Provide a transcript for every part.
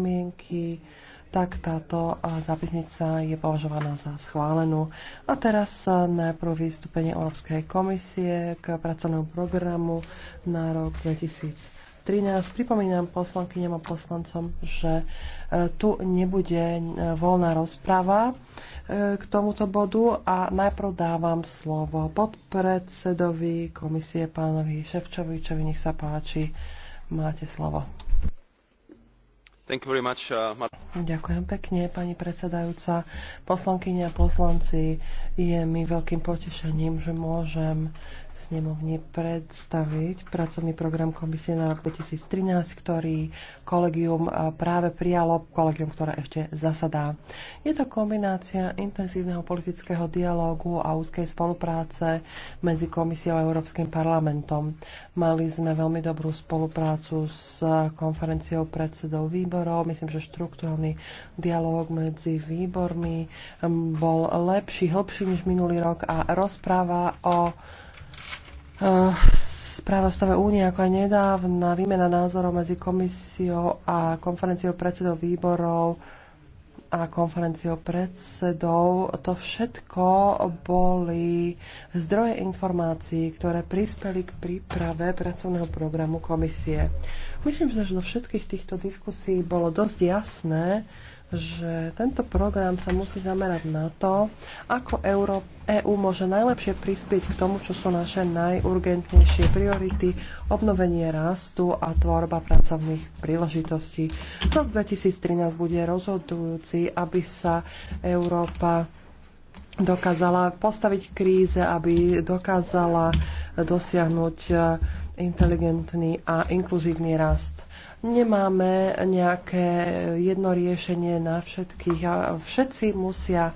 pripomienky, tak táto zápisnica je považovaná za schválenú. A teraz e, najprv vystúpenie Európskej komisie k pracovnému programu na rok 2013. Pripomínam poslankyňam a poslancom, že e, tu nebude e, voľná rozprava k tomuto bodu a najprv dávam slovo podpredsedovi komisie pánovi Ševčovičovi. Nech sa páči, máte slovo. Much, uh, Ďakujem pekne, pani predsedajúca. Poslankyne a poslanci, je mi veľkým potešením, že môžem snemovne predstaviť pracovný program komisie na rok 2013, ktorý kolegium práve prijalo, kolegium, ktoré ešte zasadá. Je to kombinácia intenzívneho politického dialógu a úzkej spolupráce medzi komisiou a Európskym parlamentom. Mali sme veľmi dobrú spoluprácu s konferenciou predsedov výborov. Myslím, že štruktúrny dialóg medzi výbormi bol lepší, hĺbší než minulý rok a rozpráva o správa eh, o stave únie, ako aj nedávna výmena názorov medzi komisiou a konferenciou predsedov výborov a konferenciou predsedov, to všetko boli zdroje informácií, ktoré prispeli k príprave pracovného programu komisie. Myslím, že do všetkých týchto diskusí bolo dosť jasné, že tento program sa musí zamerať na to, ako Euró- EÚ môže najlepšie prispieť k tomu, čo sú naše najurgentnejšie priority, obnovenie rastu a tvorba pracovných príležitostí. Rok 2013 bude rozhodujúci, aby sa Európa dokázala postaviť kríze, aby dokázala dosiahnuť inteligentný a inkluzívny rast. Nemáme nejaké jedno riešenie na všetkých a všetci musia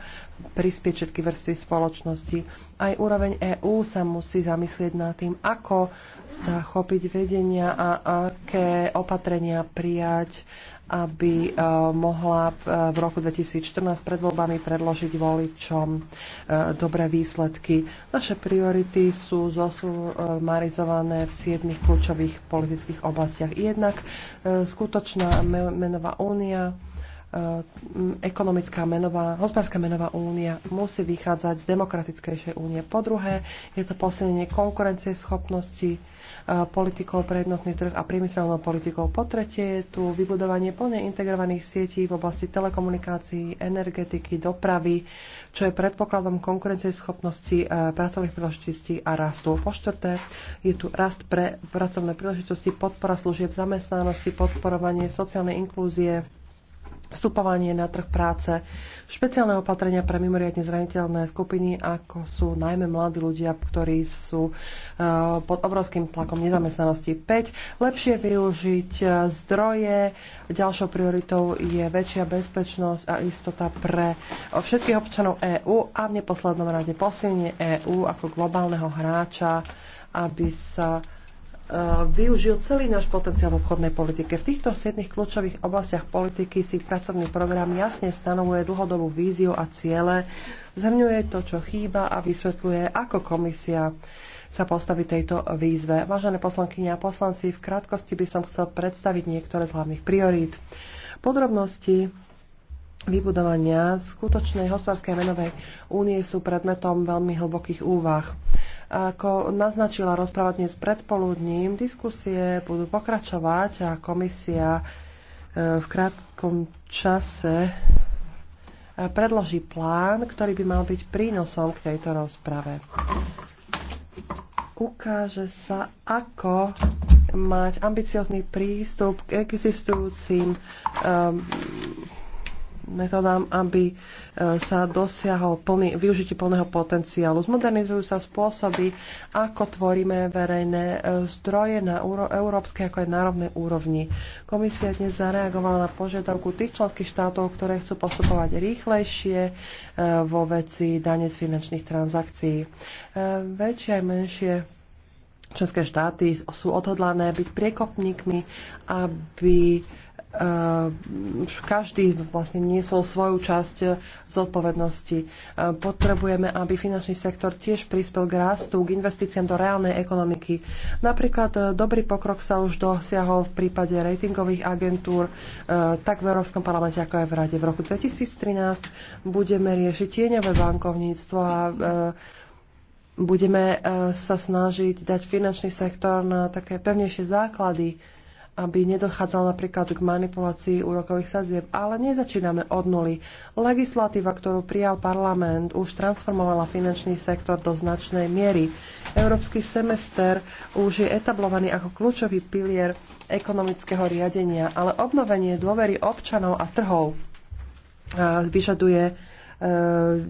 prispieť všetky vrstvy spoločnosti. Aj úroveň EÚ sa musí zamyslieť nad tým, ako sa chopiť vedenia a aké opatrenia prijať aby eh, mohla eh, v roku 2014 pred voľbami predložiť voličom eh, dobré výsledky. Naše priority sú zosumarizované v siedmých kľúčových politických oblastiach. Jednak skutočná menová únia, Eh, ekonomická menová, hospodárska menová únia musí vychádzať z demokratickejšej únie. Po druhé, je to posilnenie konkurencie schopnosti eh, politikov pre jednotný trh a priemyselnou politikou. Po tretie, je tu vybudovanie plne integrovaných sietí v oblasti telekomunikácií, energetiky, dopravy, čo je predpokladom konkurencie schopnosti eh, pracovných príležitostí a rastu. Po štvrté, je tu rast pre pracovné príležitosti, podpora služieb zamestnanosti, podporovanie sociálnej inklúzie, vstupovanie na trh práce, špeciálne opatrenia pre mimoriadne zraniteľné skupiny, ako sú najmä mladí ľudia, ktorí sú e, pod obrovským tlakom nezamestnanosti. 5. Lepšie využiť e, zdroje. Ďalšou prioritou je väčšia bezpečnosť a istota pre všetkých občanov EÚ a v neposlednom rade posilnenie EÚ ako globálneho hráča, aby sa Eh, využil celý náš potenciál v obchodnej politike. V týchto 7 kľúčových oblastiach politiky si pracovný program jasne stanovuje dlhodobú víziu a ciele, zhrňuje to, čo chýba a vysvetľuje, ako komisia sa postaví tejto výzve. Vážené poslankyne a poslanci, v krátkosti by som chcel predstaviť niektoré z hlavných priorít. Podrobnosti vybudovania skutočnej hospodárskej menovej únie sú predmetom veľmi hlbokých úvah. Ako naznačila rozpráva dnes predpoludním, diskusie budú pokračovať a komisia e, v krátkom čase e, predloží plán, ktorý by mal byť prínosom k tejto rozprave. Ukáže sa, ako mať ambiciozný prístup k existujúcim um, metodám, aby e, sa dosiahol plný, využitie plného potenciálu. Zmodernizujú sa spôsoby, ako tvoríme verejné e, zdroje na euro, európske ako aj národnej úrovni. Komisia dnes zareagovala na požiadavku tých členských štátov, ktoré chcú postupovať rýchlejšie e, vo veci dane z finančných transakcií. Väčšie aj menšie České štáty sú odhodlané byť priekopníkmi, aby Ehm, každý vlastne niesol svoju časť eh, zodpovednosti. Ehm, potrebujeme, aby finančný sektor tiež prispel k rastu, k investíciám do reálnej ekonomiky. Napríklad eh, dobrý pokrok sa už dosiahol v prípade ratingových agentúr, eh, tak v Európskom parlamente, ako aj v Rade. V roku 2013 budeme riešiť tieňové bankovníctvo a budeme sa snažiť dať finančný sektor na také pevnejšie základy aby nedochádzalo napríklad k manipulácii úrokových sazieb, Ale nezačíname od nuly. Legislatíva, ktorú prijal parlament, už transformovala finančný sektor do značnej miery. Európsky semester už je etablovaný ako kľúčový pilier ekonomického riadenia, ale obnovenie dôvery občanov a trhov vyžaduje E,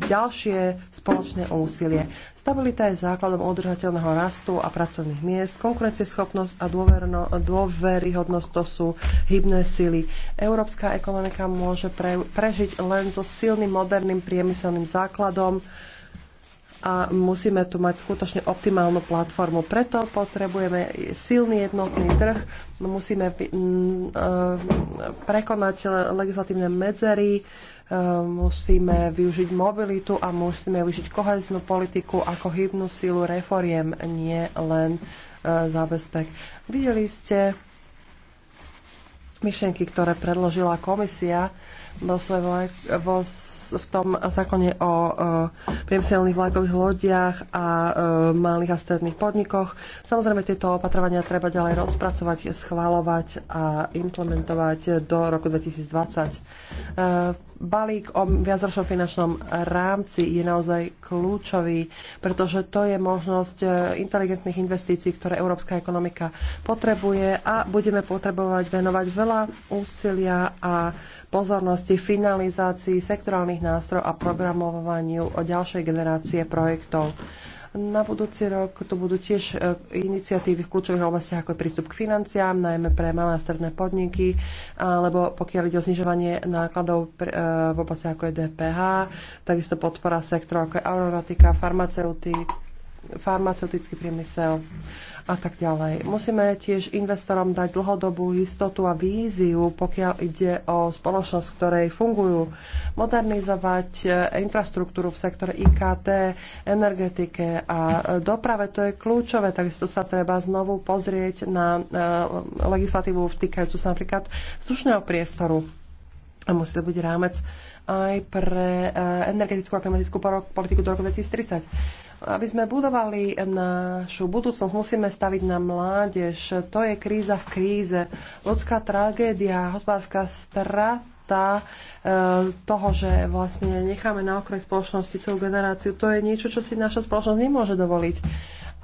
ďalšie spoločné úsilie. Stabilita je základom udržateľného rastu a pracovných miest. Konkurencieschopnosť a dôverno, dôveryhodnosť to sú hybné sily. Európska ekonomika môže pre, prežiť len so silným moderným priemyselným základom a musíme tu mať skutočne optimálnu platformu. Preto potrebujeme silný jednotný trh, musíme mm, e, prekonať legislatívne medzery, Ehm, musíme využiť mobilitu a musíme využiť koheznú politiku ako hybnú silu reforiem, nie len e, zábezpek. Videli ste myšlienky, ktoré predložila komisia vo, svoj vo, v tom zákone o e, priemyselných vlakových lodiach a e, malých a stredných podnikoch. Samozrejme, tieto opatrovania treba ďalej rozpracovať, schvalovať a implementovať do roku 2020. E, balík o viacročnom finančnom rámci je naozaj kľúčový, pretože to je možnosť e, inteligentných investícií, ktoré európska ekonomika potrebuje a budeme potrebovať venovať veľa úsilia a pozornosti finalizácii sektorálnych nástrojov a programovaniu o ďalšej generácie projektov. Na budúci rok to budú tiež e, iniciatívy v kľúčových oblastiach ako je prístup k financiám, najmä pre malé a stredné podniky, alebo pokiaľ ide o znižovanie nákladov e, v oblasti ako je DPH, takisto podpora sektorov ako je aeronautika, farmaceutika, farmaceutický priemysel a tak ďalej. Musíme tiež investorom dať dlhodobú istotu a víziu, pokiaľ ide o spoločnosť, ktorej fungujú. Modernizovať e, infraštruktúru v sektore IKT, energetike a e, doprave, to je kľúčové. Takisto sa treba znovu pozrieť na e, legislatívu vtýkajúcu sa napríklad vzdušného priestoru. A musí to byť rámec aj pre energetickú a klimatickú politiku do roku 2030. Aby sme budovali našu budúcnosť, musíme staviť na mládež. To je kríza v kríze. Ľudská tragédia, hospodárska strata e, toho, že vlastne necháme na okraj spoločnosti celú generáciu, to je niečo, čo si naša spoločnosť nemôže dovoliť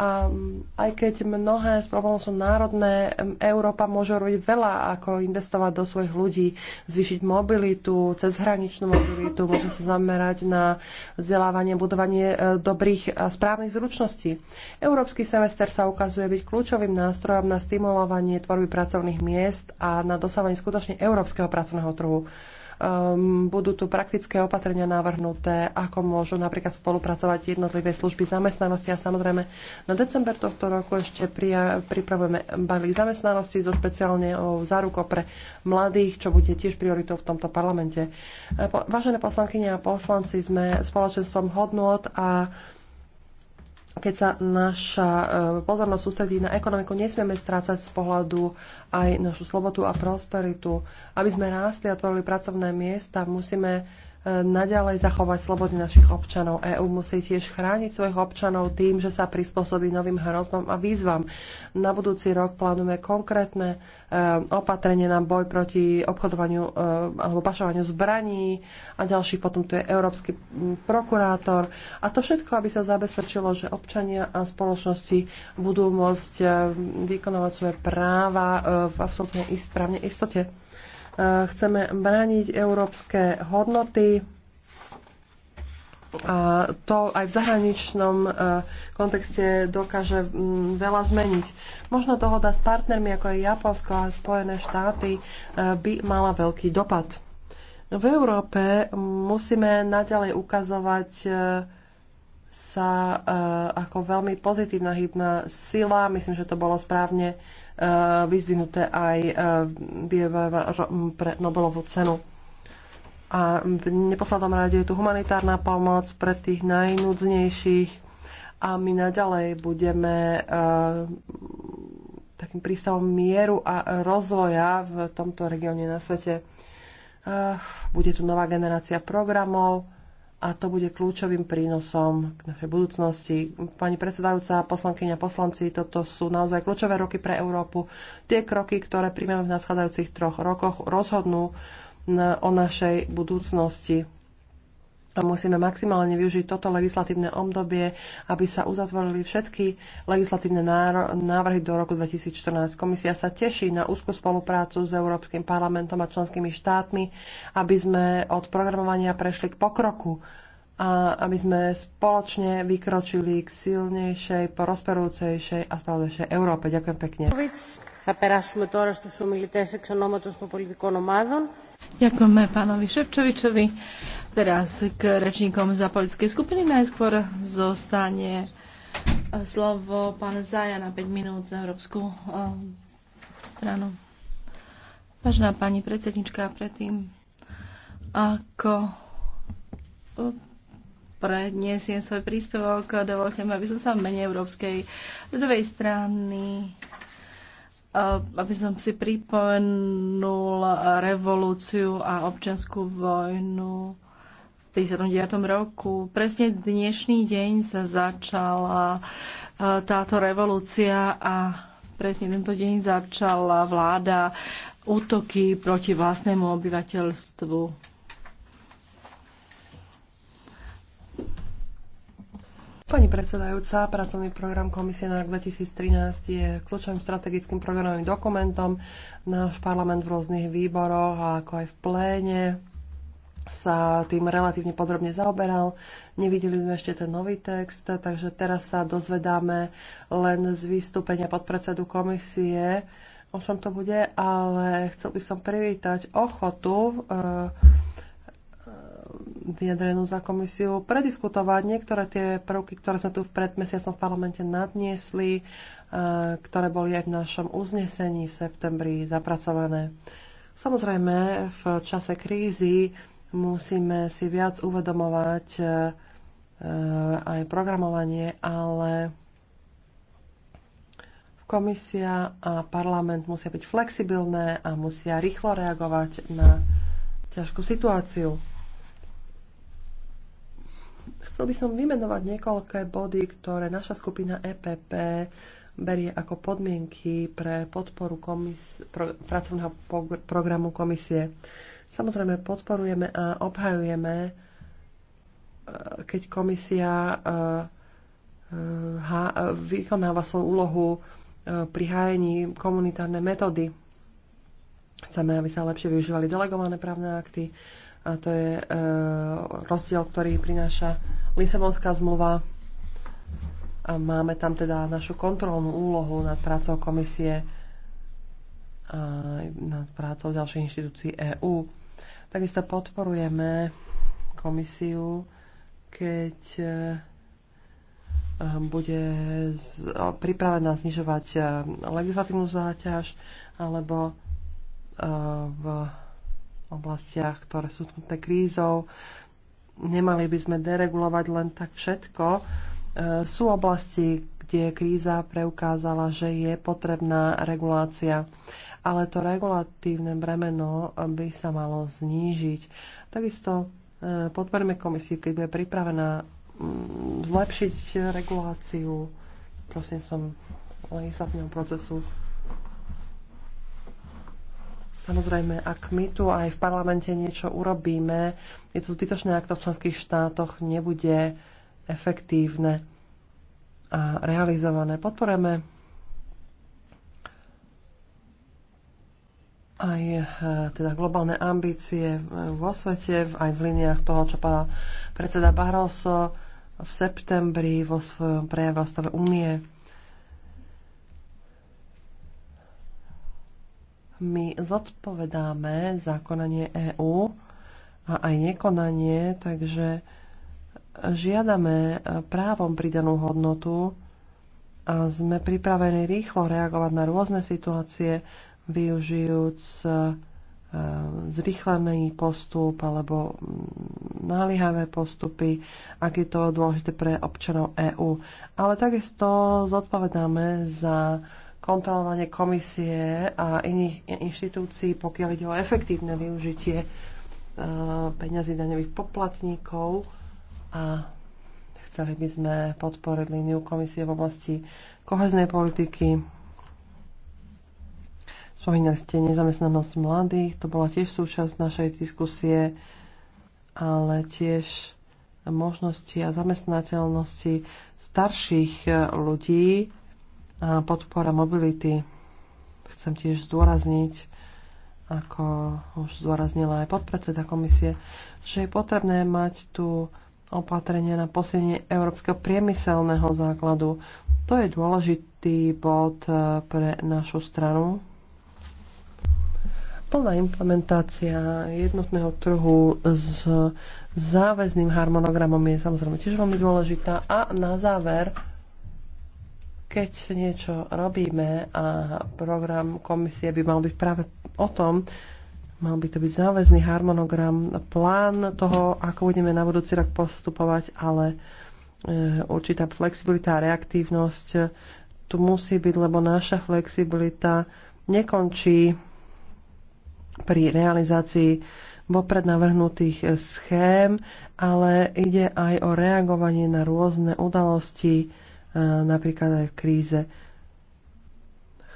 a aj keď mnohé z problémov sú národné, Európa môže robiť veľa, ako investovať do svojich ľudí, zvýšiť mobilitu, cezhraničnú mobilitu, môže sa zamerať na vzdelávanie, budovanie e, dobrých a správnych zručností. Európsky semester sa ukazuje byť kľúčovým nástrojom na stimulovanie tvorby pracovných miest a na dosávanie skutočne európskeho pracovného trhu. Um, budú tu praktické opatrenia navrhnuté, ako môžu napríklad spolupracovať jednotlivé služby zamestnanosti a samozrejme na december tohto roku ešte pria, pripravujeme balík zamestnanosti so špeciálne záruko pre mladých, čo bude tiež prioritou v tomto parlamente. E, vážené poslankyne a poslanci, sme spoločenstvom hodnot a keď sa naša e, pozornosť sústredí na ekonomiku, nesmieme strácať z pohľadu aj našu slobodu a prosperitu. Aby sme rástli a tvorili pracovné miesta, musíme naďalej zachovať slobody našich občanov. EÚ musí tiež chrániť svojich občanov tým, že sa prispôsobí novým hrozbám a výzvam. Na budúci rok plánujeme konkrétne e, opatrenie na boj proti obchodovaniu e, alebo pašovaniu zbraní a ďalší potom tu je Európsky prokurátor. A to všetko, aby sa zabezpečilo, že občania a spoločnosti budú môcť e, vykonávať svoje práva v absolútnej správnej istote. E, chceme brániť európske hodnoty a to aj v zahraničnom e, kontexte dokáže veľa zmeniť. Možno dohoda s partnermi ako je Japonsko a Spojené štáty e, by mala veľký dopad. V Európe musíme naďalej ukazovať sa ako veľmi pozitívna hybná sila. Myslím, že to bolo správne Eh, vyzvinuté aj eh, pre Nobelovú cenu. A v neposlednom rade je tu humanitárna pomoc pre tých najnudznejších a my naďalej budeme eh, takým prístavom mieru a rozvoja v tomto regióne na svete. Bude tu nová generácia programov, a to bude kľúčovým prínosom k našej budúcnosti. Pani predsedajúca, poslankyňa, poslanci, toto sú naozaj kľúčové roky pre Európu. Tie kroky, ktoré príjmeme v nasledajúcich troch rokoch, rozhodnú o našej budúcnosti preto musíme maximálne využiť toto legislatívne obdobie, aby sa uzatvorili všetky legislatívne návrhy do roku 2014. Komisia sa teší na úzkú spoluprácu s Európskym parlamentom a členskými štátmi, aby sme od programovania prešli k pokroku a aby sme spoločne vykročili k silnejšej, prosperujúcejšej a spravodajšej Európe. Ďakujem pekne. Θα περάσουμε τώρα στους ομιλητές εξ ονόματος των πολιτικών ομάδων. Ďakujeme pánovi Ševčovičovi. Teraz k rečníkom za politické skupiny. Najskôr zostane e, slovo pán Zaja na 5 minút za Európsku e, stranu. Vážená pani predsednička, predtým ako e, predniesiem svoj príspevok, dovolte mi, aby som sa v mene Európskej ľudovej strany Eh, aby som si pripomenul eh, revolúciu a občanskú vojnu v 59. roku. Presne dnešný deň sa začala eh, táto revolúcia a presne tento deň začala vláda útoky proti vlastnému obyvateľstvu Pani predsedajúca, pracovný program Komisie na rok 2013 je kľúčovým strategickým programovým dokumentom. Náš parlament v rôznych výboroch a ako aj v pléne sa tým relatívne podrobne zaoberal. Nevideli sme ešte ten nový text, takže teraz sa dozvedáme len z vystúpenia podpredsedu komisie, o čom to bude, ale chcel by som privítať ochotu e, vyjadrenú za komisiu, prediskutovať niektoré tie prvky, ktoré sme tu pred mesiacom v parlamente nadniesli, e, ktoré boli aj v našom uznesení v septembri zapracované. Samozrejme, v čase krízy musíme si viac uvedomovať e, aj programovanie, ale komisia a parlament musia byť flexibilné a musia rýchlo reagovať na ťažkú situáciu. Chcel by som vymenovať niekoľké body, ktoré naša skupina EPP berie ako podmienky pre podporu komis- pro- pracovného programu komisie. Samozrejme, podporujeme a obhajujeme, e, keď komisia e, e, vykonáva svoju úlohu pri hájení komunitárnej metódy. Chceme, aby sa lepšie využívali delegované právne akty, a to je e, rozdiel, ktorý prináša Lisabonská zmluva a máme tam teda našu kontrolnú úlohu nad prácou komisie a nad prácou ďalších inštitúcií EÚ. Takisto podporujeme komisiu, keď e, e, bude pripravená znižovať e, legislatívnu záťaž alebo v oblastiach, ktoré sú tknuté krízou. Nemali by sme deregulovať len tak všetko. E, sú oblasti, kde kríza preukázala, že je potrebná regulácia, ale to regulatívne bremeno by sa malo znížiť. Takisto e, podporme komisiu, keď bude pripravená mm, zlepšiť reguláciu prosím som legislatívneho procesu Samozrejme, ak my tu aj v parlamente niečo urobíme, je to zbytočné, ak to v členských štátoch nebude efektívne a realizované. Podporujeme aj eh, teda globálne ambície eh, vo svete, aj v liniách toho, čo povedal predseda Barroso v septembri vo svojom prejave o stave únie my zodpovedáme za konanie EÚ a aj nekonanie, takže žiadame právom pridanú hodnotu a sme pripravení rýchlo reagovať na rôzne situácie, využijúc eh, zrýchlený postup alebo náliehavé postupy, ak je to dôležité pre občanov EÚ. Ale takisto zodpovedáme za kontrolovanie komisie a iných inštitúcií, pokiaľ ide o efektívne využitie e, peňazí daňových poplatníkov a chceli by sme podporiť líniu komisie v oblasti koheznej politiky. Spomínali ste nezamestnanosť mladých, to bola tiež súčasť našej diskusie, ale tiež možnosti a zamestnateľnosti starších e, ľudí a podpora mobility. Chcem tiež zdôrazniť, ako už zdôraznila aj podpredseda komisie, že je potrebné mať tu opatrenie na posilnenie európskeho priemyselného základu. To je dôležitý bod e, pre našu stranu. Plná implementácia jednotného trhu s záväzným harmonogramom je samozrejme tiež veľmi dôležitá. A na záver keď niečo robíme a program komisie by mal byť práve o tom, mal by to byť záväzný harmonogram, plán toho, ako budeme na budúci rok postupovať, ale e, určitá flexibilita a reaktívnosť tu musí byť, lebo naša flexibilita nekončí pri realizácii vopred navrhnutých e, schém, ale ide aj o reagovanie na rôzne udalosti, Eh, napríklad aj v kríze.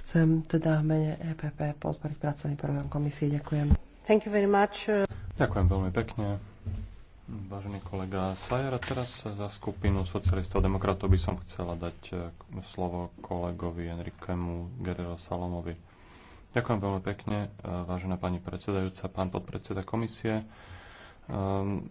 Chcem teda v mene EPP podporiť pracovný program komisie. Ďakujem. Thank you very much. Ďakujem veľmi pekne. Vážený kolega Sajara, teraz za skupinu socialistov a demokratov by som chcela dať eh, slovo kolegovi Enrikemu Guerrero Salomovi. Ďakujem veľmi pekne, eh, vážená pani predsedajúca, pán podpredseda komisie. Ehm,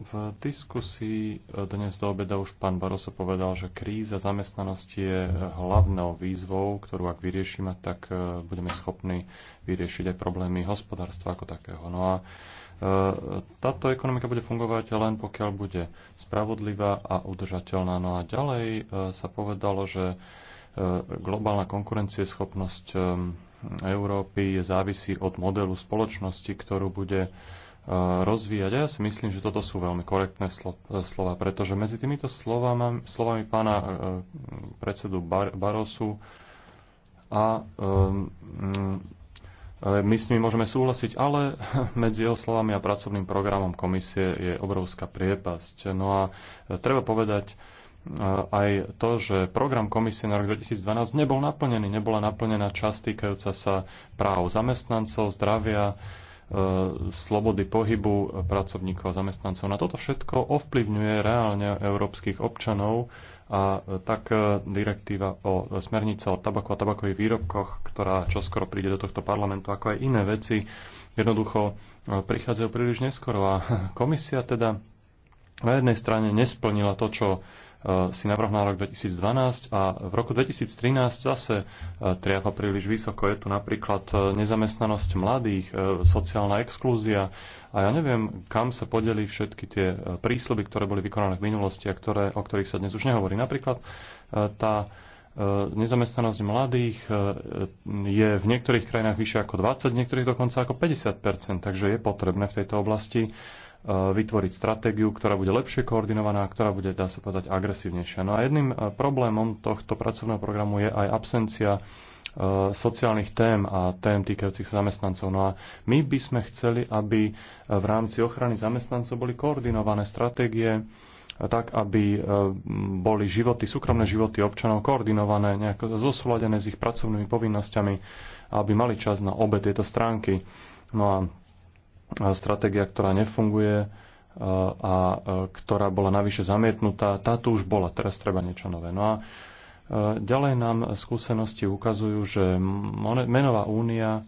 v diskusii eh, dnes do obeda už pán Baroso povedal, že kríza zamestnanosti je eh, hlavnou výzvou, ktorú ak vyriešime, tak eh, budeme schopní vyriešiť aj problémy hospodárstva ako takého. No a táto ekonomika bude fungovať len pokiaľ bude spravodlivá a udržateľná. No a ďalej sa povedalo, že globálna konkurencieschopnosť Európy závisí od modelu spoločnosti, ktorú bude rozvíjať. A ja si myslím, že toto sú veľmi korektné slo slova, pretože medzi týmito slovami, slovami pána e, e, predsedu Bar- Barosu a e, my s nimi môžeme súhlasiť, ale medzi jeho slovami a pracovným programom komisie je obrovská priepasť. No a treba povedať aj to, že program komisie na rok 2012 nebol naplnený. Nebola naplnená časť týkajúca sa práv zamestnancov, zdravia, E, slobody pohybu pracovníkov a zamestnancov. Na toto všetko ovplyvňuje reálne európskych občanov a tak e, direktíva o smernice o tabaku a tabakových výrobkoch, ktorá čoskoro príde do tohto parlamentu, ako aj iné veci, jednoducho e, prichádzajú príliš neskoro. A komisia teda na jednej strane nesplnila to, čo Eh, si na rok 2012 a v roku 2013 zase eh, triafa príliš vysoko. Je tu napríklad eh, nezamestnanosť mladých, sociálna exklúzia a ja neviem, kam sa podeli všetky tie prísľuby, ktoré boli vykonané v minulosti a ktoré, o ktorých sa dnes už nehovorí. Napríklad tá nezamestnanosť mladých je v niektorých krajinách vyššia ako 20, v niektorých dokonca ako 50 takže je potrebné v tejto oblasti E, vytvoriť stratégiu, ktorá bude lepšie koordinovaná a ktorá bude, dá sa povedať, agresívnejšia. No a jedným e, problémom tohto pracovného programu je aj absencia e, sociálnych tém a tém týkajúcich sa zamestnancov. No a my by sme chceli, aby v rámci ochrany zamestnancov boli koordinované stratégie tak, aby boli životy, súkromné životy občanov koordinované, nejako zosúladené s ich pracovnými povinnosťami, aby mali čas na obe tieto stránky. No a stratégia, ktorá nefunguje e, a e, ktorá bola navyše zamietnutá, tá tu už bola, teraz treba niečo nové. No a e, ďalej nám skúsenosti ukazujú, že menová únia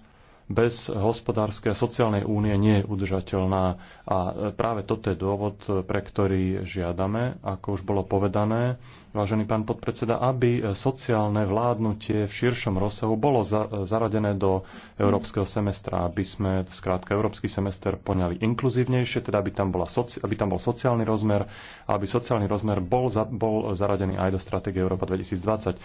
bez hospodárskej a sociálnej únie nie je udržateľná. A e, práve toto je dôvod, e, pre ktorý žiadame, ako už bolo povedané, vážený pán podpredseda, aby e, sociálne vládnutie v širšom rozsahu bolo za, zaradené do európskeho semestra, aby sme skrátka európsky semester poňali inkluzívnejšie, teda aby tam, bola soci, aby tam bol sociálny rozmer a aby sociálny rozmer bol, za, bol zaradený aj do stratégie Európa 2020.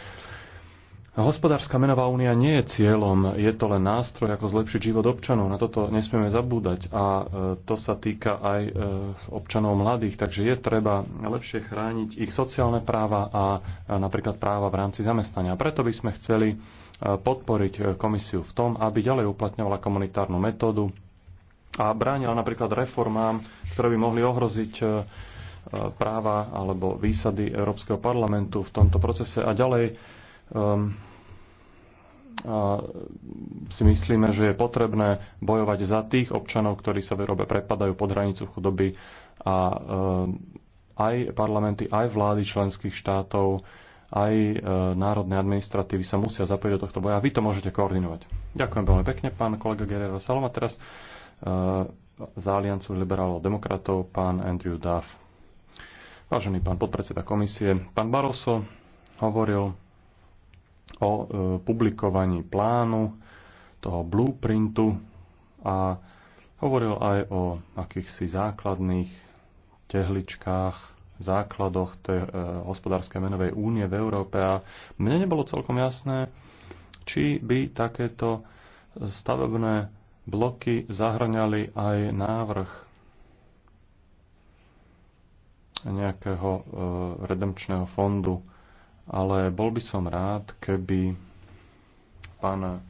Hospodárska menová únia nie je cieľom, je to len nástroj, ako zlepšiť život občanov. Na toto nesmieme zabúdať a e, to sa týka aj e, občanov mladých, takže je treba lepšie chrániť ich sociálne práva a napríklad práva v rámci zamestnania. Preto by sme chceli e, podporiť komisiu v tom, aby ďalej uplatňovala komunitárnu metódu a bránila napríklad reformám, ktoré by mohli ohroziť práva alebo výsady Európskeho parlamentu v tomto procese a ďalej um, a si myslíme, že je potrebné bojovať za tých občanov, ktorí sa v Európe prepadajú pod hranicu chudoby a um, aj parlamenty, aj vlády členských štátov, aj e, národné administratívy sa musia zapojiť do tohto boja vy to môžete koordinovať. Ďakujem veľmi pekne, pán kolega Gerero Salom. A teraz e, za Aliancu liberálov demokratov, pán Andrew Duff. Vážený pán podpredseda komisie, pán Barroso hovoril o e, publikovaní plánu, toho blueprintu a hovoril aj o akýchsi základných tehličkách, základoch tej e, hospodárskej menovej únie v Európe a mne nebolo celkom jasné, či by takéto stavebné bloky zahrňali aj návrh nejakého e, redemčného fondu ale bol by som rád, keby pán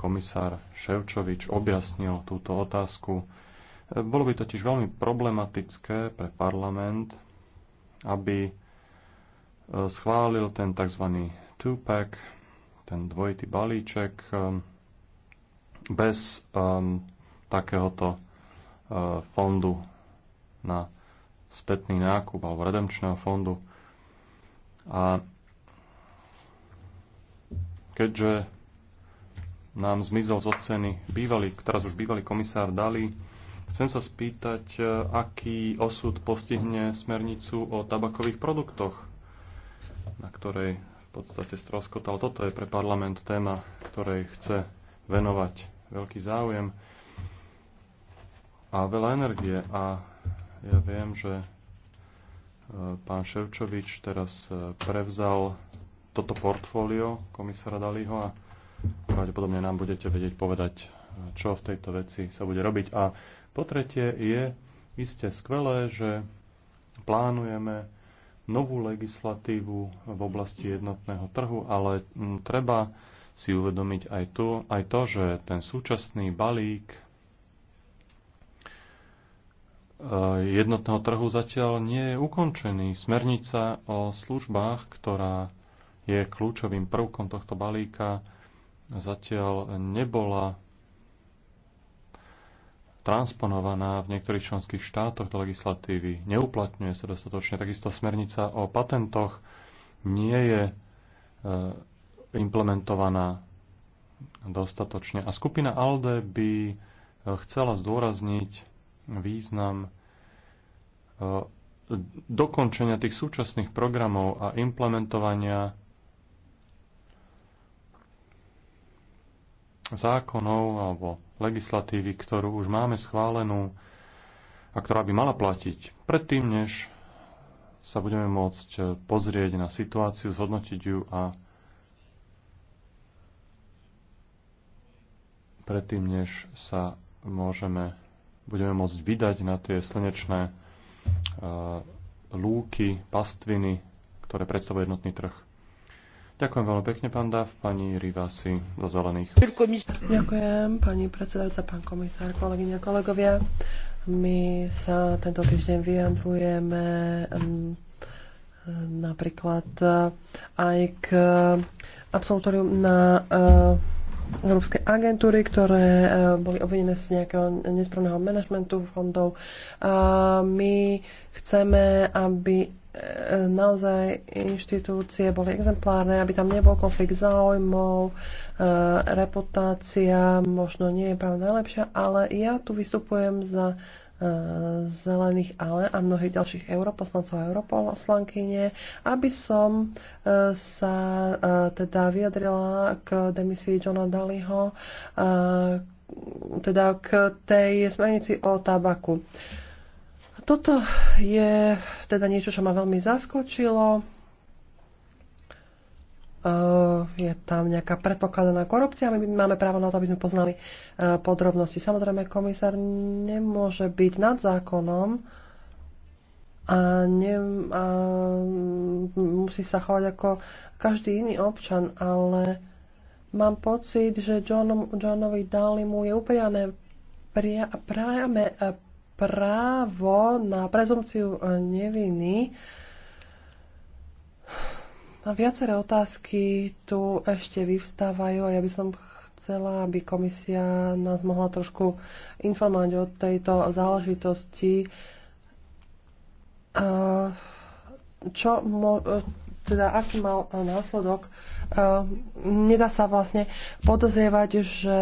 komisár Ševčovič objasnil túto otázku. Bolo by totiž veľmi problematické pre parlament, aby e, schválil ten tzv. two-pack, ten dvojitý balíček, e, bez um, takéhoto uh, fondu na spätný nákup alebo redemčného fondu. A keďže nám zmizol zo scény bývalý, teraz už bývalý komisár Dali, chcem sa spýtať, e, aký osud postihne smernicu o tabakových produktoch, na ktorej v podstate stroskotal. Toto je pre parlament téma, ktorej chce venovať veľký záujem a veľa energie. A ja viem, že Pán Ševčovič teraz e, prevzal toto portfólio komisára Dalího a pravdepodobne nám budete vedieť povedať, e, čo v tejto veci sa bude robiť. A po tretie je iste skvelé, že plánujeme novú legislatívu v oblasti jednotného trhu, ale treba si uvedomiť aj to, aj to že ten súčasný balík Eh, jednotného trhu zatiaľ nie je ukončený. Smernica o službách, ktorá je kľúčovým prvkom tohto balíka, zatiaľ nebola transponovaná v niektorých členských štátoch do legislatívy. Neuplatňuje sa dostatočne. Takisto smernica o patentoch nie je eh, implementovaná dostatočne. A skupina ALDE by eh, chcela zdôrazniť význam e, dokončenia tých súčasných programov a implementovania zákonov alebo legislatívy, ktorú už máme schválenú a ktorá by mala platiť predtým, než sa budeme môcť e, pozrieť na situáciu, zhodnotiť ju a predtým, než sa môžeme budeme môcť vydať na tie slnečné e, lúky, pastviny, ktoré predstavuje jednotný trh. Ďakujem veľmi pekne, pán Dav, pani Rivasi za zelených. Ďakujem, pani predsedajúca, pán komisár, a kolegovia. My sa tento týždeň vyjadrujeme napríklad e, aj k absolutorium na e, európske agentúry, ktoré eh, boli obvinené z nejakého nesprávneho manažmentu fondov. A my chceme, aby eh, naozaj inštitúcie boli exemplárne, aby tam nebol konflikt záujmov, eh, reputácia možno nie je práve najlepšia, ale ja tu vystupujem za Eh, zelených ale a mnohých ďalších europoslancov a europoslankyne, aby som eh, sa eh, teda vyjadrila k demisii Johna Dalyho, teda k tej smernici o tabaku. Toto je teda niečo, čo ma veľmi zaskočilo Eh, je tam nejaká predpokladaná korupcia, my máme právo na to, aby sme poznali eh, podrobnosti. Samozrejme, komisár nemôže byť nad zákonom a, ne, a musí sa chovať ako každý iný občan, ale mám pocit, že John, Johnovi Dali mu je upriané pria, eh, právo na prezumciu neviny Viaceré otázky tu ešte vyvstávajú a ja by som chcela, aby komisia nás mohla trošku informovať o tejto záležitosti. Čo mo- teda aký mal následok? Nedá sa vlastne podozrievať, že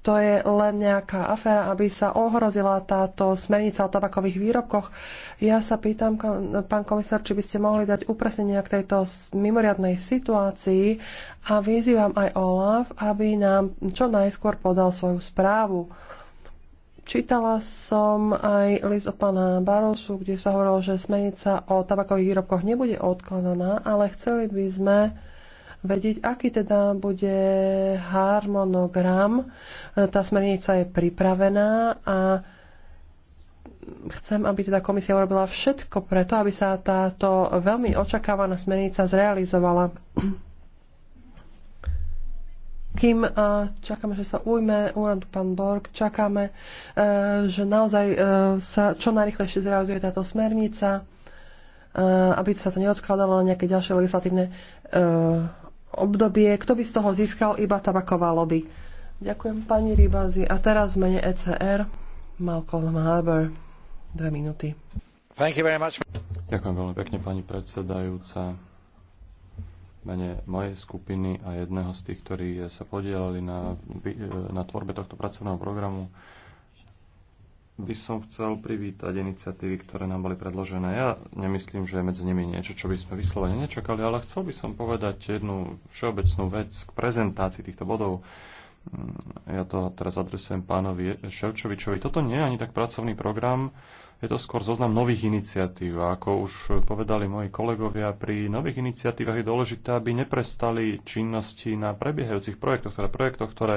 to je len nejaká aféra, aby sa ohrozila táto smernica o tabakových výrobkoch. Ja sa pýtam, pán komisár, či by ste mohli dať upresnenie k tejto mimoriadnej situácii a vyzývam aj OLAF, aby nám čo najskôr podal svoju správu. Čítala som aj list od pána Barosu, kde sa hovorilo, že smernica o tabakových výrobkoch nebude odkladaná, ale chceli by sme vedieť, aký teda bude harmonogram. E, tá smernica je pripravená a chcem, aby teda komisia urobila všetko preto, aby sa táto veľmi očakávaná smernica zrealizovala. Kým čakáme, že sa ujme úradu pán Borg, čakáme, e, že naozaj e, sa čo najrychlejšie zrealizuje táto smernica, aby sa to neodkladalo na nejaké ďalšie legislatívne obdobie, kto by z toho získal iba tabaková lobby. Ďakujem pani Rybazi. A teraz v mene ECR Malcolm Harbour. Dve minúty. Thank you very much. Ďakujem veľmi pekne, pani predsedajúca. Mene mojej skupiny a jedného z tých, ktorí sa podielali na, na tvorbe tohto pracovného programu, by som chcel privítať iniciatívy, ktoré nám boli predložené. Ja nemyslím, že je medzi nimi niečo, čo by sme vyslovene nečakali, ale chcel by som povedať jednu všeobecnú vec k prezentácii týchto bodov. Mm, ja to teraz adresujem pánovi Ševčovičovi. Toto nie je ani tak pracovný program, je to skôr zoznam nových iniciatív. A ako už povedali moji kolegovia, pri nových iniciatívach je dôležité, aby neprestali činnosti na prebiehajúcich projektoch, teda projektoch, ktoré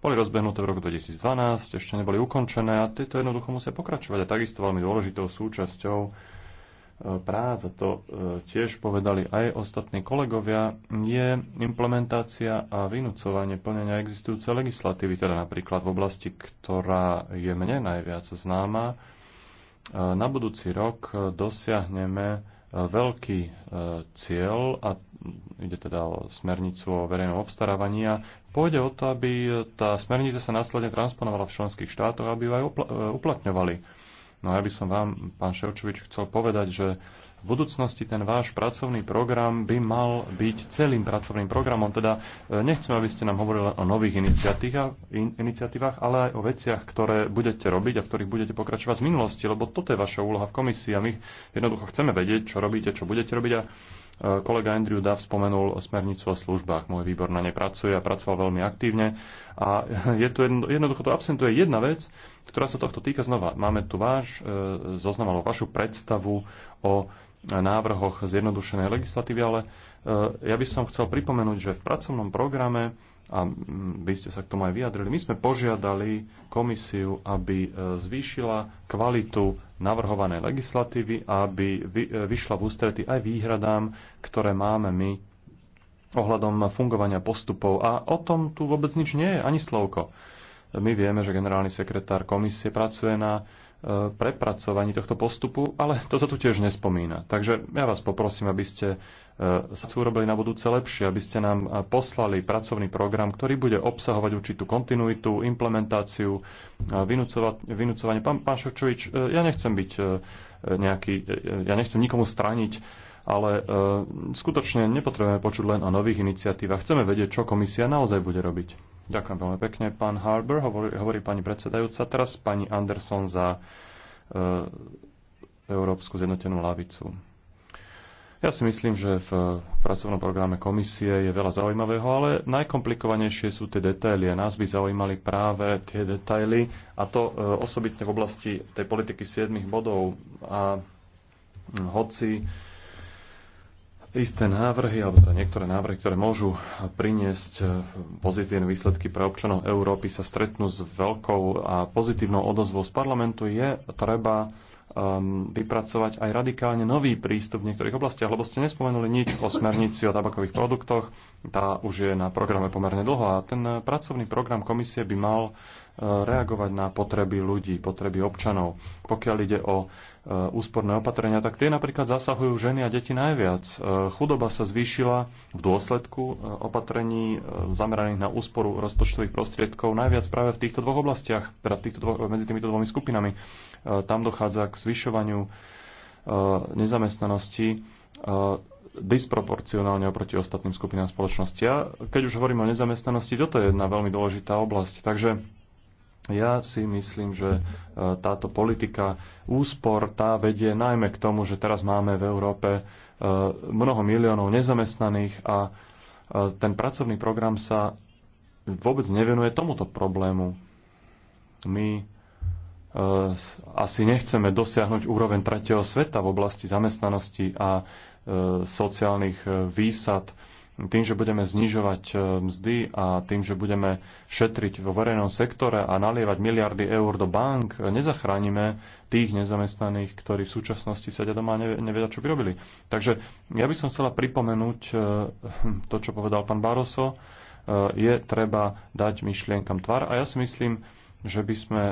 boli rozbehnuté v roku 2012, ešte neboli ukončené a tieto jednoducho musia pokračovať. A takisto veľmi dôležitou súčasťou e, prác, a to e, tiež povedali aj ostatní kolegovia, je implementácia a vynúcovanie plnenia existujúcej legislatívy, teda napríklad v oblasti, ktorá je mne najviac známa, Eh, na budúci rok eh, dosiahneme eh, veľký cieľ a mm, ide teda o smernicu o verejnom obstarávaní a pôjde o to, aby tá smernica sa následne transponovala v členských štátoch, aby ju aj uplatňovali No ja by som vám, pán Ševčovič, chcel povedať, že v budúcnosti ten váš pracovný program by mal byť celým pracovným programom. Teda e, nechcem, aby ste nám hovorili o nových iniciatívach, ale aj o veciach, ktoré budete robiť a v ktorých budete pokračovať z minulosti, lebo toto je vaša úloha v komisii a my jednoducho chceme vedieť, čo robíte, čo budete robiť a Kolega Andrew Duff spomenul smernicu o službách. Môj výbor na ne pracuje a pracoval veľmi aktívne. A je tu jedno, jednoducho to absentuje jedna vec, ktorá sa tohto týka znova. Máme tu váš e, zoznam alebo vašu predstavu o návrhoch zjednodušenej legislatívy, ale e, ja by som chcel pripomenúť, že v pracovnom programe a mm, vy ste sa k tomu aj vyjadrili, my sme požiadali komisiu, aby e, zvýšila kvalitu navrhovanej legislatívy a aby e, vyšla v ústrety aj výhradám, ktoré máme my ohľadom fungovania postupov. A o tom tu vôbec nič nie je, ani slovko. My vieme, že generálny sekretár komisie pracuje na prepracovaní tohto postupu, ale to sa tu tiež nespomína. Takže ja vás poprosím, aby ste e, sa urobili na budúce lepšie, aby ste nám e, poslali pracovný program, ktorý bude obsahovať určitú kontinuitu, implementáciu, e, vynúcovanie. Pán, pán Ševčovič, ja nechcem byť nejaký, ja nechcem nikomu straniť, ale skutočne nepotrebujeme počuť len o nových iniciatívach. Chceme vedieť, čo komisia naozaj bude robiť. Ďakujem veľmi pekne. Pán Harbour, hovorí, hovorí pani predsedajúca. Teraz pani Anderson za e, Európsku zjednotenú lavicu. Ja si myslím, že v pracovnom programe komisie je veľa zaujímavého, ale najkomplikovanejšie sú tie detaily a nás by zaujímali práve tie detaily a to e, osobitne v oblasti tej politiky 7 bodov. A hm, hoci isté návrhy, alebo teda niektoré návrhy, ktoré môžu priniesť eh, pozitívne výsledky pre občanov Európy, sa stretnú s veľkou a pozitívnou odozvou z parlamentu, je treba um, vypracovať aj radikálne nový prístup v niektorých oblastiach, lebo ste nespomenuli nič o smernici o tabakových produktoch. Tá už je na programe pomerne dlho a ten pracovný program komisie by mal eh, reagovať na potreby ľudí, potreby občanov. Pokiaľ ide o E, úsporné opatrenia, tak tie napríklad zasahujú ženy a deti najviac. E, chudoba sa zvýšila v dôsledku e, opatrení zameraných na úsporu rozpočtových prostriedkov najviac práve v týchto dvoch oblastiach, teda v týchto dvoch, medzi týmito dvomi skupinami. Tam dochádza k zvyšovaniu nezamestnanosti disproporcionálne oproti ostatným skupinám spoločnosti. A keď už hovorím o nezamestnanosti, toto je jedna veľmi dôležitá oblasť. Takže ja si myslím, že e, táto politika úspor tá vedie najmä k tomu, že teraz máme v Európe e, mnoho miliónov nezamestnaných a e, ten pracovný program sa vôbec nevenuje tomuto problému. My asi nechceme dosiahnuť úroveň tretieho sveta v oblasti zamestnanosti a sociálnych výsad tým, že budeme znižovať e, mzdy a tým, že budeme šetriť vo verejnom sektore a nalievať miliardy eur do bank, nezachránime tých nezamestnaných, ktorí v súčasnosti sedia doma a nevedia, čo by robili. Takže ja by som chcela pripomenúť e, to, čo povedal pán Baroso. E, je treba dať myšlienkam tvar a ja si myslím, že by sme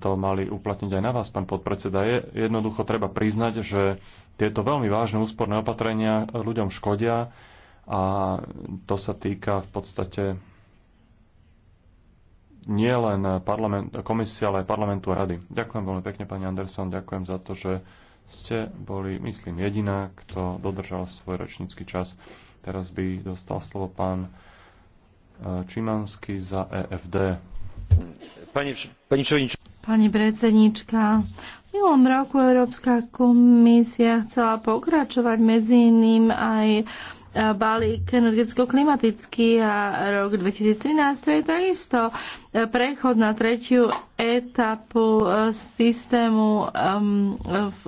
to mali uplatniť aj na vás, pán podpredseda. Je jednoducho treba priznať, že tieto veľmi vážne úsporné opatrenia ľuďom škodia a to sa týka v podstate nie len parlament, komisie, ale aj parlamentu a rady. Ďakujem veľmi pekne, pani Anderson, ďakujem za to, že ste boli, myslím, jediná, kto dodržal svoj ročnícky čas. Teraz by dostal slovo pán e, Čimanský za EFD. Pani, pani, pani predsednička, v minulom roku Európska komisia chcela pokračovať medzi iným aj balík energeticko-klimatický a rok 2013 to je takisto prechod na tretiu etapu systému um, v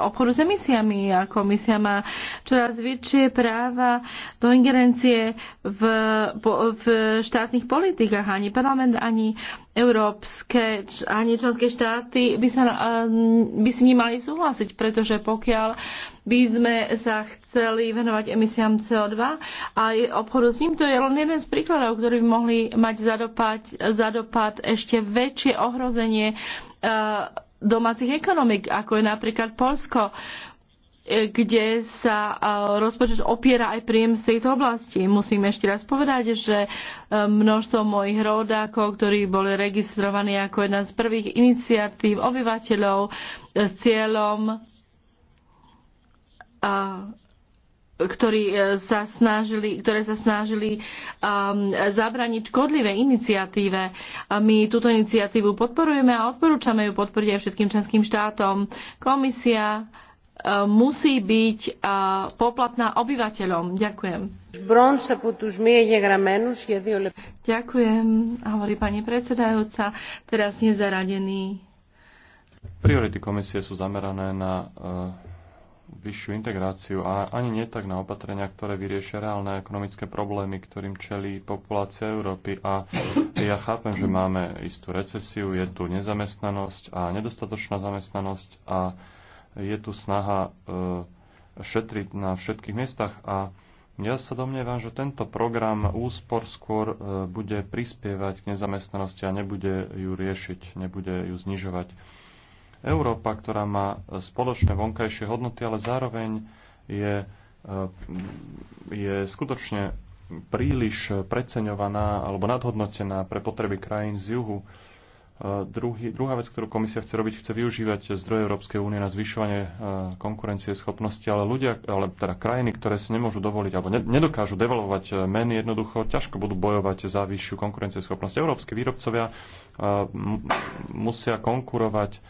obchodu s emisiami a komisia má čoraz väčšie práva do ingerencie v, v štátnych politikách. Ani parlament, ani európske, ani členské štáty by, sa, eh, by s ním mali súhlasiť, pretože pokiaľ by sme sa chceli venovať emisiám CO2 a obchodu s ním, to je len jeden z príkladov, ktorý by mohli mať zadopad ešte väčšie ohrozenie uh, domácich ekonomik, ako je napríklad Polsko, e, kde sa e, rozpočet opiera aj príjem z tejto oblasti. Musím ešte raz povedať, že e, množstvo mojich rodákov, ktorí boli registrovaní ako jedna z prvých iniciatív obyvateľov s cieľom a ktorí e, sa snažili, ktoré sa snažili um, zabraniť škodlivé iniciatíve. My túto iniciatívu podporujeme a odporúčame ju podporiť aj všetkým členským štátom. Komisia uh, musí byť uh, poplatná obyvateľom. Ďakujem. Ďakujem, hovorí pani predsedajúca. Teraz nezaradený. Priority komisie sú zamerané na uh vyššiu integráciu a ani nie tak na opatrenia, ktoré vyriešia reálne ekonomické problémy, ktorým čelí populácia Európy. A ja chápem, že máme istú recesiu, je tu nezamestnanosť a nedostatočná zamestnanosť a je tu snaha e, šetriť na všetkých miestach a ja sa domnievam, že tento program úspor skôr e, bude prispievať k nezamestnanosti a nebude ju riešiť, nebude ju znižovať. Európa, ktorá má spoločné vonkajšie hodnoty, ale zároveň je, e, je skutočne príliš preceňovaná alebo nadhodnotená pre potreby krajín z juhu. E, druhý, druhá vec, ktorú komisia chce robiť, chce využívať zdroje Európskej únie na zvyšovanie e, konkurencie schopnosti, ale ľudia, ale teda krajiny, ktoré si nemôžu dovoliť alebo nedokážu devalovať meny, jednoducho ťažko budú bojovať za vyššiu konkurencieschopnosť. Európske výrobcovia musia konkurovať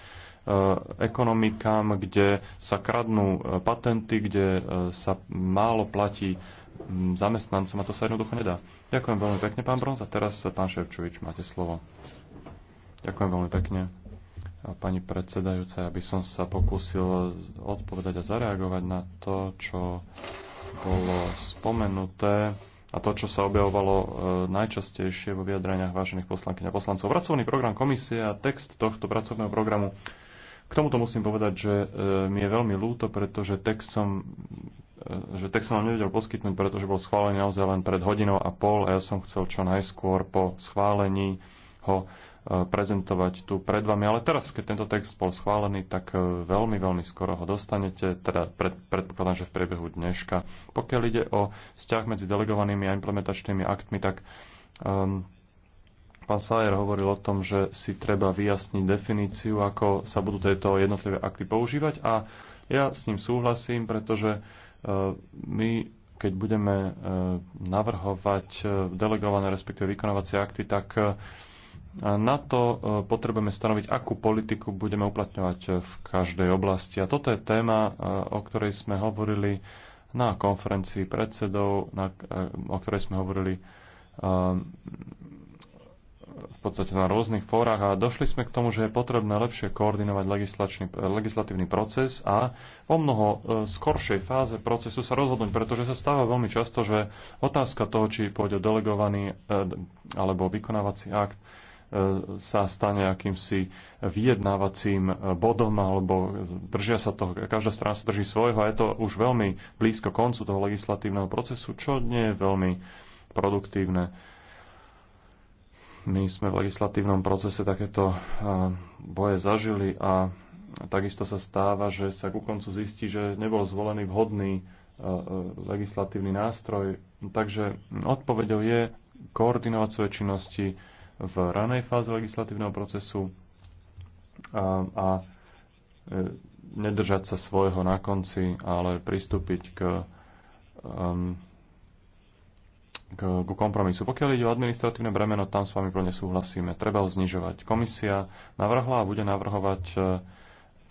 Eh, ekonomikám, kde sa kradnú eh, patenty, kde eh, sa málo platí mm, zamestnancom a to sa jednoducho nedá. Ďakujem veľmi pekne, pán Bronz. A teraz pán Ševčovič, máte slovo. Ďakujem veľmi pekne. Pani predsedajúca, aby som sa pokúsil odpovedať a zareagovať na to, čo bolo spomenuté a to, čo sa objavovalo najčastejšie vo vyjadraniach vážených poslankyň a poslancov. Pracovný program komisie a text tohto pracovného programu k tomuto musím povedať, že e, mi je veľmi ľúto, pretože text som e, že text som vám nevedel poskytnúť, pretože bol schválený naozaj len pred hodinou a pol a ja som chcel čo najskôr po schválení ho e, prezentovať tu pred vami. Ale teraz, keď tento text bol schválený, tak veľmi, veľmi skoro ho dostanete, teda pred, predpokladám, že v priebehu dneška. Pokiaľ ide o vzťah medzi delegovanými a implementačnými aktmi, tak E, Pán Sajer hovoril o tom, že si treba vyjasniť definíciu, ako sa budú tieto jednotlivé akty používať a ja s ním súhlasím, pretože e, my, keď budeme e, navrhovať e, delegované, respektíve vykonávacie akty, tak na to potrebujeme stanoviť, akú politiku budeme uplatňovať v každej oblasti. A toto je téma, o ktorej sme hovorili na konferencii predsedov, na, o ktorej sme hovorili v podstate na rôznych fórach a došli sme k tomu, že je potrebné lepšie koordinovať legislatívny proces a o mnoho e, skoršej fáze procesu sa rozhodnúť, pretože sa stáva veľmi často, že otázka toho, či pôjde delegovaný e, alebo vykonávací akt, e, sa stane akýmsi vyjednávacím bodom alebo držia sa toho, každá strana sa drží svojho a je to už veľmi blízko koncu toho legislatívneho procesu, čo nie je veľmi produktívne. My sme v legislatívnom procese takéto boje zažili a takisto sa stáva, že sa ku koncu zistí, že nebol zvolený vhodný legislatívny nástroj. Takže odpovedou je koordinovať svoje činnosti v ranej fáze legislatívneho procesu a, a e, nedržať sa svojho na konci, ale pristúpiť k um, k kompromisu. Pokiaľ ide o administratívne bremeno, tam s vami plne súhlasíme. Treba ho znižovať. Komisia navrhla a bude navrhovať e,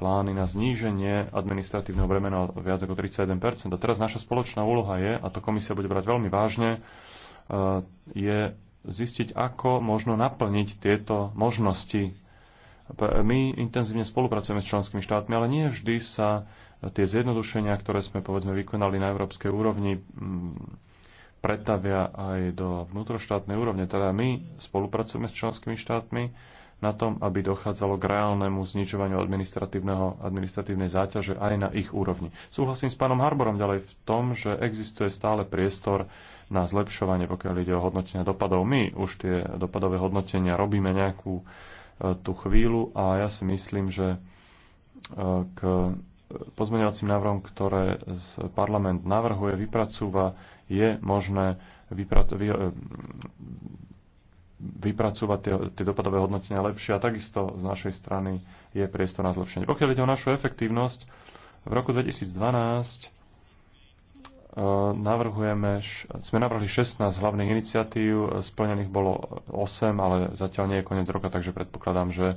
plány na zníženie administratívneho bremena o viac ako 31 A teraz naša spoločná úloha je, a to komisia bude brať veľmi vážne, e, je zistiť, ako možno naplniť tieto možnosti. My intenzívne spolupracujeme s členskými štátmi, ale nie vždy sa tie zjednodušenia, ktoré sme povedzme vykonali na európskej úrovni, pretavia aj do vnútroštátnej úrovne. Teda my spolupracujeme s členskými štátmi na tom, aby dochádzalo k reálnemu znižovaniu administratívnej záťaže aj na ich úrovni. Súhlasím s pánom Harborom ďalej v tom, že existuje stále priestor na zlepšovanie, pokiaľ ide o hodnotenia dopadov. My už tie dopadové hodnotenia robíme nejakú e, tú chvíľu a ja si myslím, že e, k pozmeňovacím návrhom, ktoré parlament navrhuje, vypracúva je možné eh, vypracovať tie, tie dopadové hodnotenia lepšie a takisto z našej strany je priestor na zlepšenie. Pokiaľ ide o našu efektívnosť, v roku 2012 eh, navrhujeme, sme navrhli 16 hlavných iniciatív, eh, splnených bolo 8, ale zatiaľ nie je koniec roka, takže predpokladám, že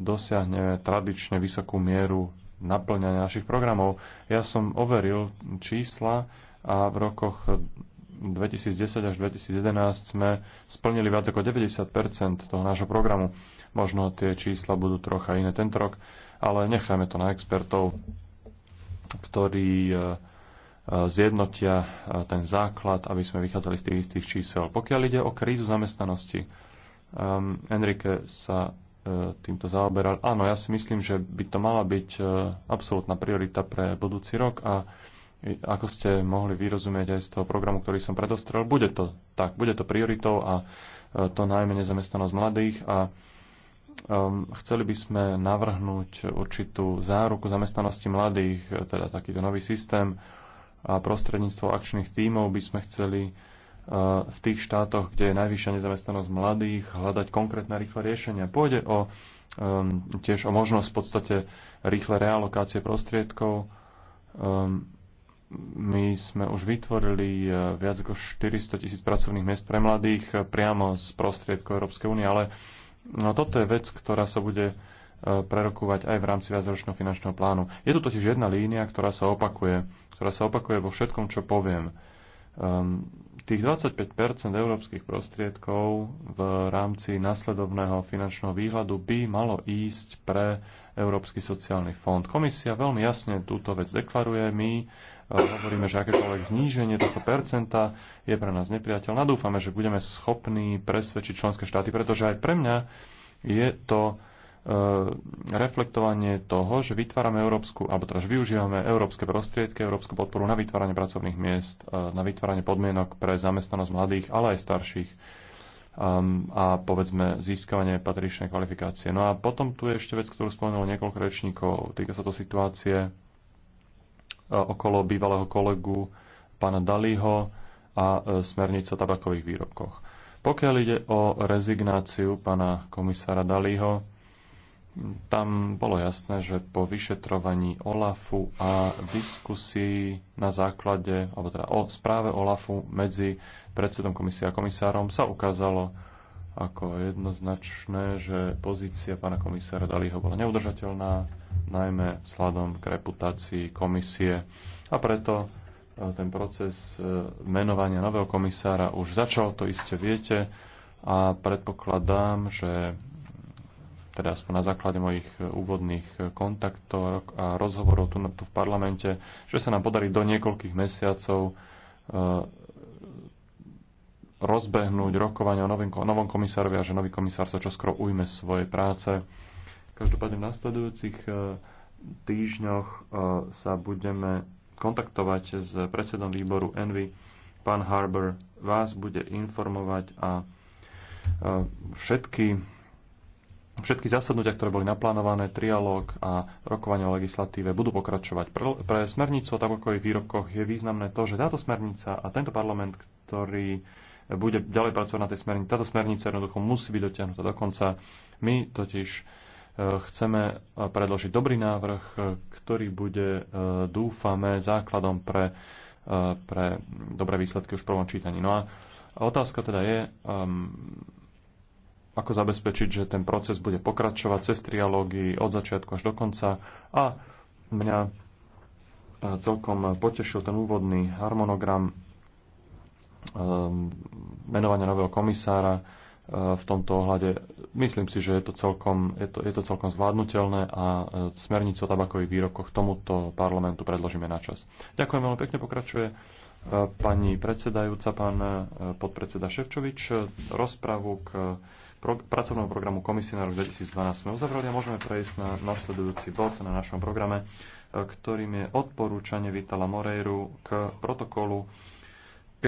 dosiahneme tradične vysokú mieru naplňania našich programov. Ja som overil čísla a v rokoch 2010 až 2011 sme splnili viac ako 90 toho nášho programu. Možno tie čísla budú trocha iné tento rok, ale nechajme to na expertov, ktorí e, e, zjednotia e, ten základ, aby sme vychádzali z tých istých čísel. Pokiaľ ide o krízu zamestnanosti, um, Enrique sa týmto zaoberal. Áno, ja si myslím, že by to mala byť absolútna priorita pre budúci rok a ako ste mohli vyrozumieť aj z toho programu, ktorý som predostrel, bude to tak, bude to prioritou a e, to najmä nezamestnanosť mladých a um, chceli by sme navrhnúť určitú záruku zamestnanosti mladých, e, teda takýto nový systém a prostredníctvo akčných tímov by sme chceli uh, v tých štátoch, kde je najvyššia nezamestnanosť mladých, hľadať konkrétne rýchle riešenia. Pôjde o, um, tiež o možnosť v podstate rýchle realokácie prostriedkov, um, my sme už vytvorili eh, viac ako 400 tisíc pracovných miest pre mladých eh, priamo z prostriedkov Európskej únie, ale no, toto je vec, ktorá sa bude eh, prerokovať aj v rámci viacročného finančného plánu. Je tu totiž jedna línia, ktorá sa opakuje, ktorá sa opakuje vo všetkom, čo poviem. Um, tých 25 európskych prostriedkov v rámci nasledovného finančného výhľadu by malo ísť pre Európsky sociálny fond. Komisia veľmi jasne túto vec deklaruje. My hovoríme, že akékoľvek zníženie tohto percenta je pre nás nepriateľ. Dúfame, že budeme schopní presvedčiť členské štáty, pretože aj pre mňa je to eh, reflektovanie toho, že vytvárame európsku, alebo teda, že využívame európske prostriedky, európsku podporu na vytváranie pracovných miest, eh, na vytváranie podmienok pre zamestnanosť mladých, ale aj starších ehm, a povedzme získavanie patričnej kvalifikácie. No a potom tu je ešte vec, ktorú spomenulo niekoľko rečníkov, týka sa to situácie okolo bývalého kolegu pána Dalího a e, smernica o tabakových výrobkoch. Pokiaľ ide o rezignáciu pána komisára Dalího, tam bolo jasné, že po vyšetrovaní OLAFu a diskusii na základe, alebo teda o správe OLAFu medzi predsedom komisie a komisárom sa ukázalo ako jednoznačné, že pozícia pána komisára Dalího bola neudržateľná, najmä sladom k reputácii komisie. A preto e, ten proces e, menovania nového komisára už začal, to iste viete, a predpokladám, že teda aspoň na základe mojich úvodných kontaktov a rozhovorov tu, tu v parlamente, že sa nám podarí do niekoľkých mesiacov e, rozbehnúť rokovanie o novom komisárovi a že nový komisár sa čoskoro ujme svojej práce. Každopádne v nasledujúcich e, týždňoch e, sa budeme kontaktovať s predsedom výboru Envy. Pán Harbour vás bude informovať a e, všetky, všetky zasadnutia, ktoré boli naplánované, trialóg a rokovanie o legislatíve budú pokračovať. Pre, pre smernicu o tabakových výrobkoch je významné to, že táto smernica a tento parlament, ktorý bude ďalej pracovať na tej smernici, táto smernica jednoducho musí byť dotiahnutá do konca. My totiž Chceme predložiť dobrý návrh, ktorý bude, e, dúfame, základom pre, e, pre dobré výsledky už v prvom čítaní. No a otázka teda je, ehm, ako zabezpečiť, že ten proces bude pokračovať cez trialógy od začiatku až do konca. A mňa e, celkom potešil ten úvodný harmonogram ehm, menovania nového komisára, v tomto ohľade. Myslím si, že je to celkom, je to, je to celkom zvládnutelné a e, smernicu o tabakových výrokoch tomuto parlamentu predložíme na čas. Ďakujem veľmi pekne, pokračuje e, pani predsedajúca, pán e, podpredseda Ševčovič. Rozpravu k pro, pracovnému programu Komisie na rok 2012 sme uzavreli a môžeme prejsť na nasledujúci bod na našom programe, ktorým je odporúčanie Vitala Moreiru k protokolu